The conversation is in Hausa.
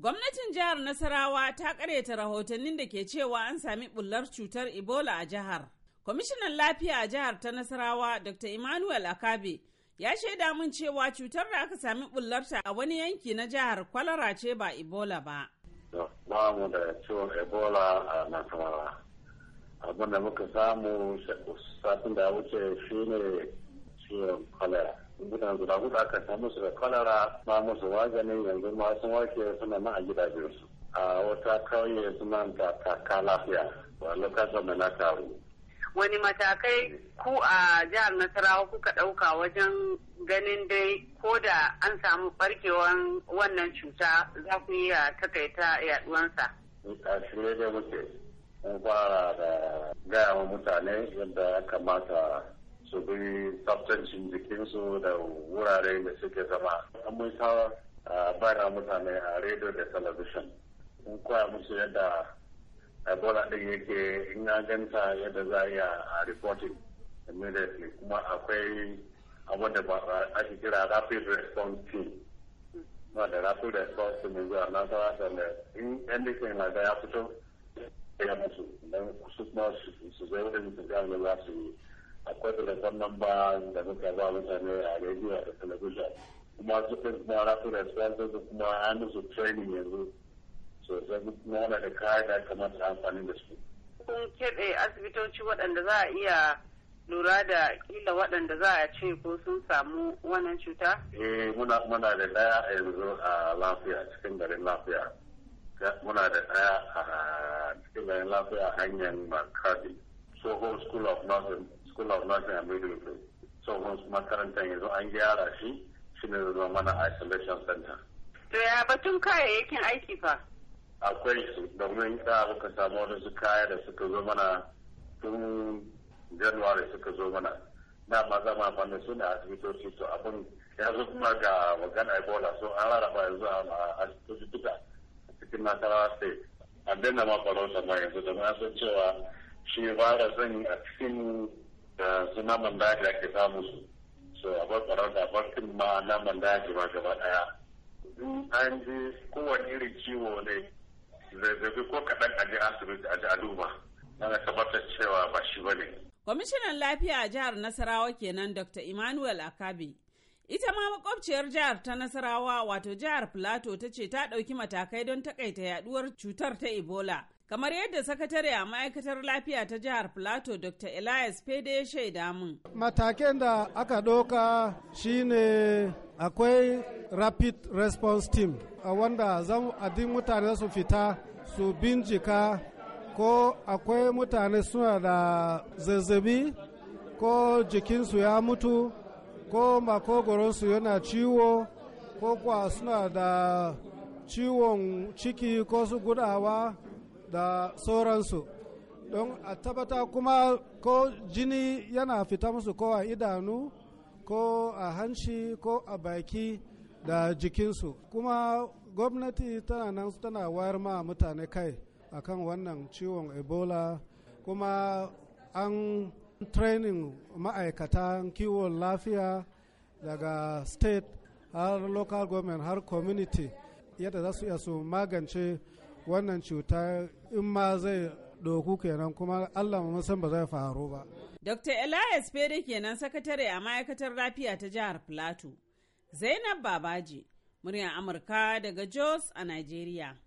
Gwamnatin jihar Nasarawa ta ƙaryata rahotannin da ke cewa an sami bullar cutar Ebola a jihar. Kwamishinan lafiya a jihar ta Nasarawa Dr. Emmanuel Akabe ya shaida mun cewa cutar da aka sami bullar ta a wani yanki na jihar kwalara ce ba Ebola ba. Ba da ciwon Ebola a Nasarawa. Abin da muka samu satin da wuce shine ciwon kwalara mutane guda hudu aka samu musu da kwalara ba musu magani yanzu ma sun wake suna nan a gidajensu a wata kauye suna da taka lafiya wa lokacin da na taru wani matakai ku a jihar nasarawa kuka ɗauka wajen ganin dai ko da an samu ɓarkewan wannan cuta za ku iya takaita yaduwansa a shirye da muke mun fara da gaya wa mutane yadda ya kamata su bi tsaftancin jikinsu da wurare da suke zama an mun sa bayar mutane a rediyo da television in koya musu yadda ebola din yake in ya ganta yadda za a iya a reporting immediately kuma akwai abin da ake kira rapid response team na da rapid response team a nasara da in anything na da ya fito ya musu don su kuma su zai wani su gano za su yi da telefon ba da muka ba mutane a rediyo da talabijin kuma suka kuma rafi da su kuma an su training yanzu sosai kuma wadda da kaya da kamata amfani da su. kun keɓe asibitoci waɗanda za a iya lura da kila waɗanda za a ce ko sun samu wannan cuta? eh muna muna da ɗaya a yanzu a lafiya cikin garin lafiya muna da ɗaya a cikin garin lafiya hanyar makadi Soho school of nursing school of nursing a midwifery tsohon makarantar yanzu an gyara shi shi ne zama mana isolation center to ya batun kayayyakin aiki fa akwai su domin da muka samu wani su kaya da suka zo mana tun january suka zo mana dama zama mana su da asibitoci to abin ya zo kuma ga magana ebola so an rarraba yanzu a asibitoci duka cikin nasarawa state a daina ma farauta ma yanzu da ma san cewa shi virus a cikin su naman daji ake samu su a bar tsaron da tun ma naman daji ba gaba daya an ji kowane irin ciwo ne zai ko kaɗan a ji asibiti a ji aluma na tabbatar cewa ba shi ba ne. Kwamishinan lafiya a jihar Nasarawa kenan Dr. Emmanuel Akabi Ita ma makwabciyar jihar ta Nasarawa wato jihar Filato ta ce ta ɗauki matakai don takaita yaduwar cutar ta Ebola. Kamar yadda sakatare a ma'aikatar lafiya ta jihar Filato Dr. Elias Fede ya shaida min. Matakin da aka ɗauka shine akwai rapid response team a wanda zan adin mutane su fita su bincika ko akwai mutane suna da zazzabi ko jikinsu ya mutu ko makogoronsu yana ciwo ko kuwa suna da ciwon ciki ko su gudawa da sauransu don a tabbata kuma ko jini yana fita musu ko a idanu ko a hanci ko a baki da jikinsu kuma gwamnati tana nan tana wayar ma mutane kai akan wannan ciwon ebola kuma an training ma'aikata kiwon lafiya daga state har local government har community yadda za su iya su magance wannan cuta in ma zai doku kenan kuma allah mu san ba zai faru ba dr elias fere kenan sakatare a ma'aikatar lafiya ta jihar plateau zainab babaji muryar amurka daga jos a nigeria